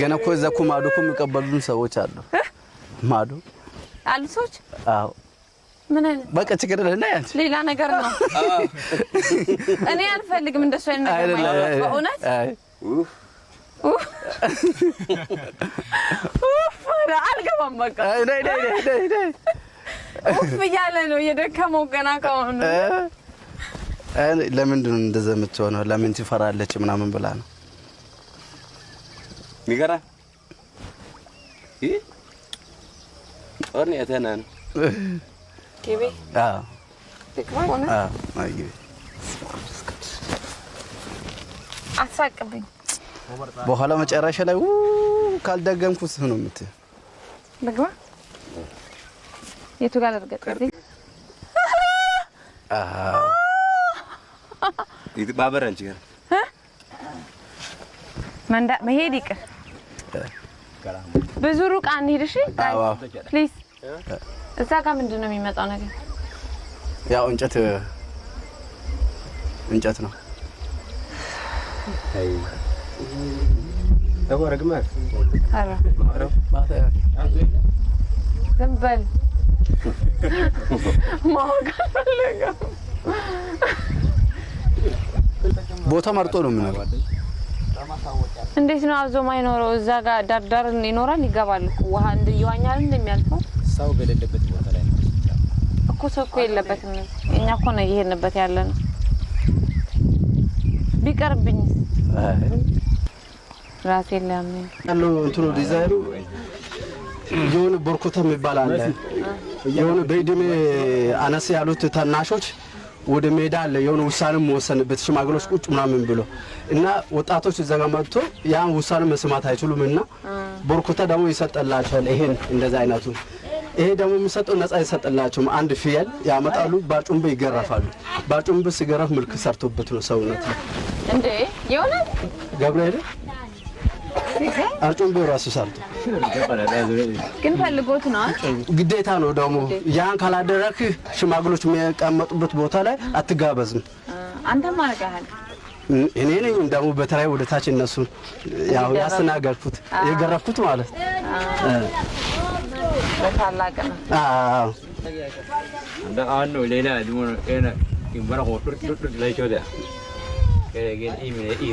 ገና እኮ እዛ እኮ ማዶ እኮ የሚቀበሉን ሰዎች አሉ። ማዶ አሉ ሰዎች። አዎ ምን አይነት በቃ ችግር ለና ያንቺ ሌላ ነገር ነው። እኔ አልፈልግም እንደሱ አይነት ነገር ማለት በእውነት አልገባም። በቃ ኡፍ እያለ ነው የደከመው ገና ከሆኑ ለምንድን ነው እንደዛ የምትሆነው? ለምን ትፈራለች ምናምን ብላ ነው Migara. Ih. Or ni ada nan. Kiwi. Ah. mana? Ah, mai kiwi. አሳቅብኝ። በኋላ መጨረሻ ላይ ካልደገምኩት ነው የምትይው። ምግባ የቱ ጋር ልርገጥልኝ? ባበር አንቺ መሄድ ይቅር ብዙ ሩቅ አንሄድ። እሺ ፕሊዝ። እዛ ጋር ምንድን ነው የሚመጣው ነገር? ያው እንጨት እንጨት ነው። ዝም በል ማወቅ አልፈለገም። ቦታ መርጦ ነው የምነግርህ እንዴት ነው አብዞ ማይኖረው? እዛ ጋር ዳርዳር ይኖራል። ይገባል እኮ ውሃ እንደየዋኛል እንደሚያልፈው ሰው በሌለበት ቦታ ላይ ነው እኮ ሰው እኮ የለበትም። እኛ እኮ ነው እየሄድንበት ያለ ነው። ቢቀርብኝ ራሴ ላምን ያለው እንትኑ ዲዛይኑ የሆነ ቦርኮተ የሚባል አለ የሆነ በእድሜ አነስ ያሉት ታናሾች ወደ ሜዳ አለ የሆነ ውሳኔ መወሰንበት ሽማግሎች ቁጭ ምናምን ብሎ እና ወጣቶች እዛ ያ መጥቶ ያን ውሳኔ መስማት አይችሉም እና ቦርኮታ ደግሞ ይሰጠላቸዋል። ይሄን እንደዚ አይነቱ ይሄ ደግሞ የሚሰጠው ነጻ ይሰጥላቸውም። አንድ ፍየል ያመጣሉ፣ ባጩምብ ይገረፋሉ። ባጩምብ ሲገረፍ ምልክ ሰርቶበት ነው ሰውነት ነው እንዴ የሆነ ገብርኤል አርጮ ራሱ ሳልቶ ግን ፈልጎት ነው ግዴታ ነው። ደግሞ ያን ካላደረክ ሽማግሎች የሚቀመጡበት ቦታ ላይ አትጋበዝም። አንተም አድርገሃል። እኔ ነኝ ደግሞ በተራይ ወደ ታች እነሱ ያው ያስተናገርኩት የገረፍኩት ማለት ነው። ሌላው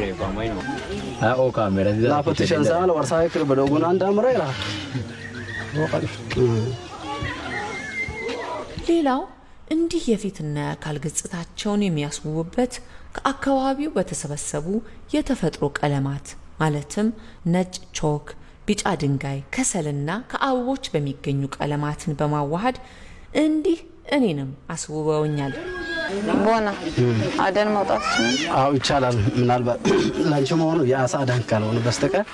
እንዲህ የፊትና የአካል ገጽታቸውን የሚያስውቡበት ከአካባቢው በተሰበሰቡ የተፈጥሮ ቀለማት ማለትም ነጭ ቾክ፣ ቢጫ ድንጋይ፣ ከሰልና ከአበቦች በሚገኙ ቀለማትን በማዋሃድ እንዲህ እኔንም አስውበውኛል። ቦና አደን መውጣት አዎ ይቻላል። ምናልባት ላንቺ መሆኑ የአሳ አዳን ካልሆነ በስተቀር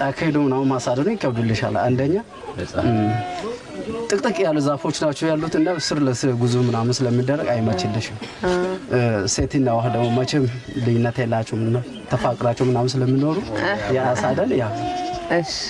ጫካ ሄዶ ምናምን ማሳደኑ ይከብድልሻል። አንደኛ ጥቅጥቅ ያሉ ዛፎች ናቸው ያሉት እና ስር ለስር ጉዞ ምናምን ስለሚደረግ አይመችልሽም። ሴትና ውሃ ደግሞ መቼም ልዩነት የላቸውም ተፋቅራቸው ምናምን ስለሚኖሩ የአሳ አደን ያ እሺ